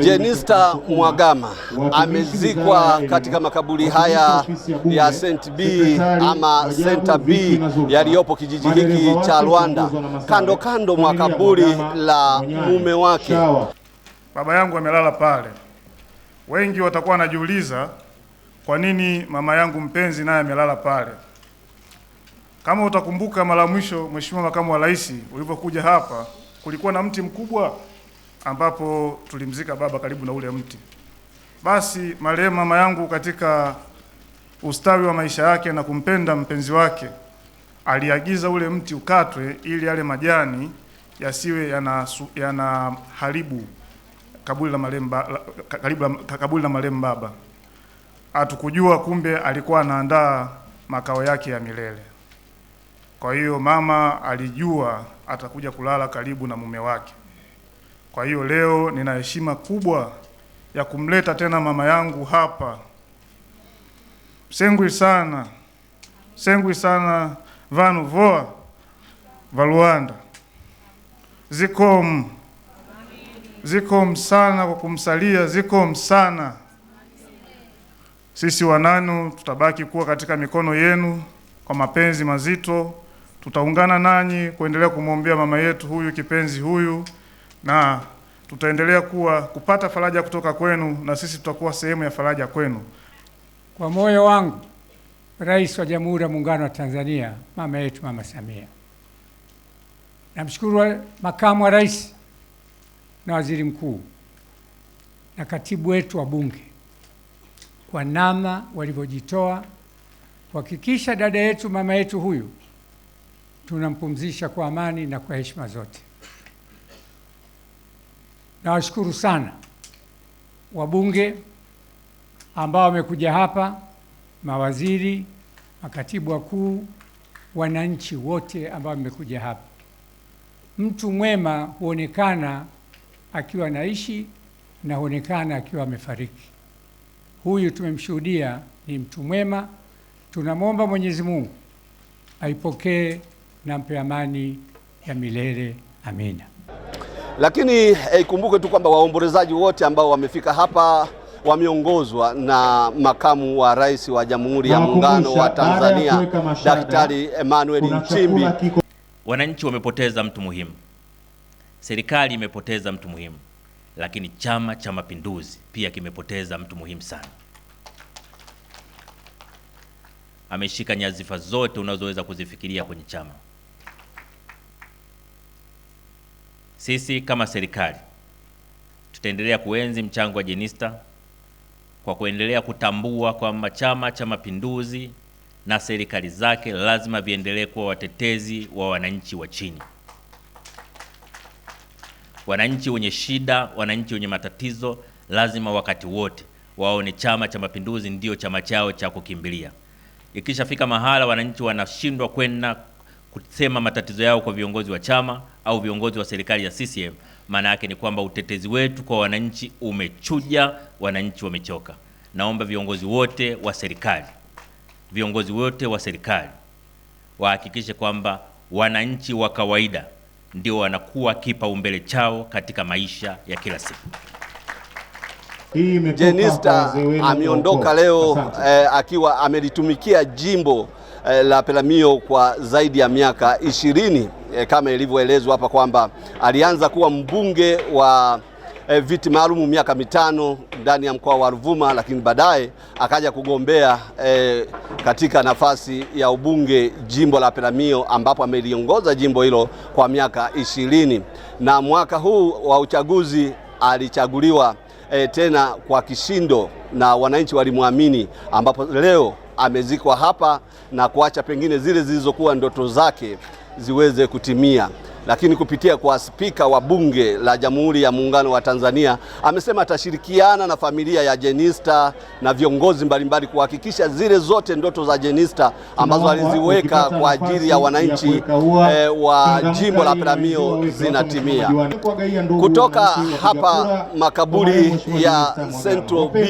Jenista Mhagama amezikwa katika makaburi haya ya St. B ama Center B yaliyopo kijiji hiki cha Rwanda, kando kando mwa kaburi la mume wake. Baba yangu amelala pale. Wengi watakuwa wanajiuliza kwa nini mama yangu mpenzi naye amelala pale. Kama utakumbuka, mara mwisho Mheshimiwa Makamu wa Rais, ulipokuja hapa kulikuwa na mti mkubwa ambapo tulimzika baba karibu na ule mti. Basi marehemu mama yangu katika ustawi wa maisha yake na kumpenda mpenzi wake aliagiza ule mti ukatwe ili yale majani yasiwe yana, yana kaburi la marehemu kaburi la marehemu baba. Hatukujua kumbe alikuwa anaandaa makao yake ya milele. Kwa hiyo mama alijua atakuja kulala karibu na mume wake. Kwa hiyo leo nina heshima kubwa ya kumleta tena mama yangu hapa. Sengwi sana, sengwi sana vanu voa valuanda zikom zikom sana kwa kumsalia, zikom sana. Sisi Wananu tutabaki kuwa katika mikono yenu kwa mapenzi mazito. Tutaungana nanyi kuendelea kumwombea mama yetu huyu kipenzi huyu na tutaendelea kuwa kupata faraja kutoka kwenu, na sisi tutakuwa sehemu ya faraja kwenu. Kwa moyo wangu, Rais wa Jamhuri ya Muungano wa Tanzania, mama yetu, Mama Samia, namshukuru makamu wa rais na waziri mkuu na katibu wetu wa Bunge kwa namna walivyojitoa kuhakikisha dada yetu mama yetu huyu tunampumzisha kwa amani na kwa heshima zote. Nawashukuru sana wabunge ambao wamekuja hapa, mawaziri, makatibu wakuu, wananchi wote ambao mmekuja hapa. Mtu mwema huonekana akiwa anaishi na huonekana akiwa amefariki. Huyu tumemshuhudia ni mtu mwema. Tunamwomba Mwenyezi Mungu aipokee na mpe amani ya milele. Amina. Lakini eh, ikumbuke eh, tu kwamba waombolezaji wote ambao wamefika hapa wameongozwa na makamu wa rais wa Jamhuri ya Muungano wa Tanzania Daktari Emmanuel Nchimbi. Wananchi wamepoteza mtu muhimu, serikali imepoteza mtu muhimu, lakini Chama cha Mapinduzi pia kimepoteza mtu muhimu sana. Ameshika nyadhifa zote unazoweza kuzifikiria kwenye chama. Sisi kama serikali tutaendelea kuenzi mchango wa Jenista kwa kuendelea kutambua kwamba Chama cha Mapinduzi na serikali zake lazima viendelee kuwa watetezi wa wananchi wa chini, wananchi wenye shida, wananchi wenye matatizo. Lazima wakati wote waone Chama cha Mapinduzi ndio chama chao cha kukimbilia. Ikishafika mahala wananchi wanashindwa kwenda kusema matatizo yao kwa viongozi wa chama, au viongozi wa serikali ya CCM, maana yake ni kwamba utetezi wetu kwa wananchi umechuja, wananchi wamechoka. Naomba viongozi wote wa serikali, viongozi wote wa serikali wahakikishe kwamba wananchi wa kawaida ndio wanakuwa kipaumbele chao katika maisha ya kila siku. Jenista ameondoka leo eh, akiwa amelitumikia jimbo eh, la Peramiho kwa zaidi ya miaka ishirini e, kama ilivyoelezwa hapa kwamba alianza kuwa mbunge wa e, viti maalumu miaka mitano ndani ya mkoa wa Ruvuma, lakini baadaye akaja kugombea e, katika nafasi ya ubunge jimbo la Peramiho ambapo ameliongoza jimbo hilo kwa miaka ishirini na mwaka huu wa uchaguzi alichaguliwa e, tena kwa kishindo na wananchi walimwamini, ambapo leo amezikwa hapa na kuacha pengine zile zilizokuwa ndoto zake ziweze kutimia. Lakini kupitia kwa spika wa Bunge la Jamhuri ya Muungano wa Tanzania amesema atashirikiana na familia ya Jenista na viongozi mbalimbali kuhakikisha zile zote ndoto za Jenista ambazo aliziweka kwa ajili ya wananchi e, wa jimbo la Peramiho zinatimia. Kutoka hapa makaburi ya Central B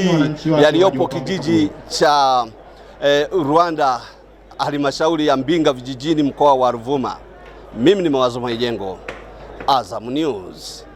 yaliyopo kijiji cha e, Rwanda halmashauri ya Mbinga vijijini mkoa wa Ruvuma. Mimi ni Mawazo Maijengo, Azam News.